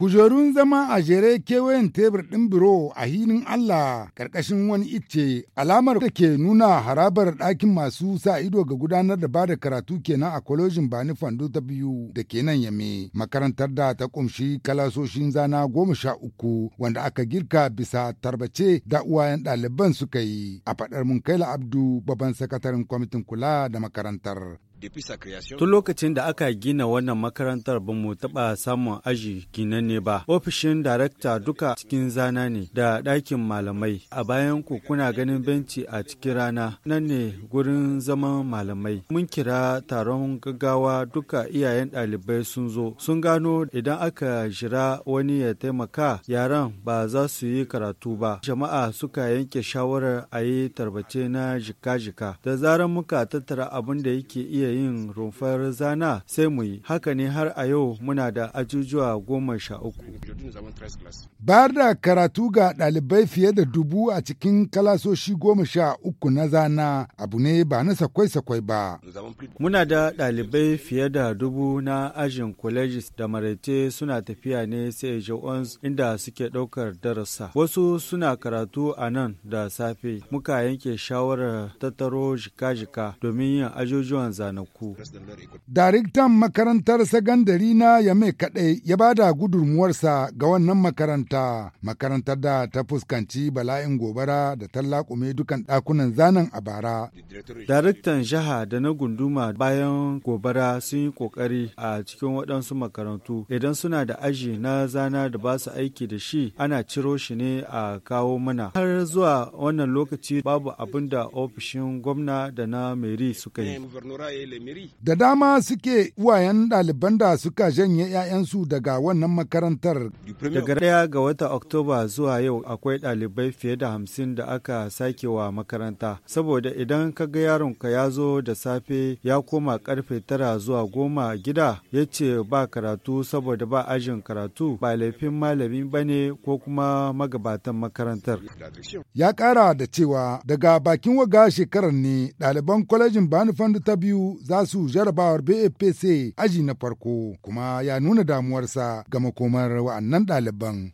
Kujerun zama a jere kewayen tebur ɗin biro a hinin Allah ƙarƙashin wani icce alamar da ke nuna harabar ɗakin masu sa ido ga gudanar da bada karatu kenan a kwalojin Bani Fando ta biyu da ke nan Yame makarantar da ta ƙumshi kalasoshin zana goma sha uku wanda aka girka bisa tarbace da uwayen ɗaliban suka yi a faɗar Munkaila Abdu babban sakataren kwamitin kula da makarantar Tun lokacin da aka gina wannan makarantar ba mu taɓa samun aji ginanne ba. Ofishin darakta duka cikin zana ne da ɗakin malamai. A bayan ku kuna ganin benci a cikin rana nan ne gurin zaman malamai. Mun kira taron gaggawa duka iyayen ɗalibai sun zo. Sun gano idan aka jira wani ya taimaka yaran ba za su yi karatu ba. Jama'a suka yanke shawarar a yi tarbace na jika-jika. Da zarar muka tattara abin da yake iya iya yin rumfar zana sai mu yi. Haka ne har a yau muna da ajujuwa goma sha uku. Bayar da karatu ga ɗalibai fiye da dubu a cikin kalasoshi goma sha uku na zana abu ne ba na sakwai-sakwai ba. Muna da ɗalibai fiye da dubu na ajin colleges da maraice suna tafiya ne sai Jones inda suke ɗaukar darasa. Wasu suna karatu a nan da safe. Muka yanke shawarar tattaro jika-jika domin yin ajujuwan zana. ranaku. Daraktan makarantar sagandari na ya mai kaɗai ya ba da gudunmuwarsa ga wannan makaranta, makarantar da ta fuskanci bala'in gobara da tallakume dukan ɗakunan zanen a bara. Daraktan jiha da na gunduma bayan gobara sun yi ƙoƙari a cikin waɗansu makarantu idan suna da aji na zana da ba su aiki da shi ana ciro shi ne a kawo mana. Har zuwa wannan lokaci babu abin da ofishin gwamna da na meri suka yi. Da dama suke wayan ɗaliban da suka janye 'ya'yansu daga wannan makarantar. Daga daya ga wata Oktoba zuwa yau akwai ɗalibai fiye da hamsin da aka sake wa makaranta. Saboda idan ka ga ka ya zo da safe ya koma karfe tara zuwa goma gida ya ce ba karatu saboda ba ajin karatu ba laifin malami ba ne ko kuma magabatan makarantar. Ya ƙara da cewa daga bakin waga shekarar ne ɗaliban kwalejin Banifan ta biyu za su jarabawar BFPC aji na farko kuma ya nuna damuwarsa ga makomar wa'annan ɗaliban.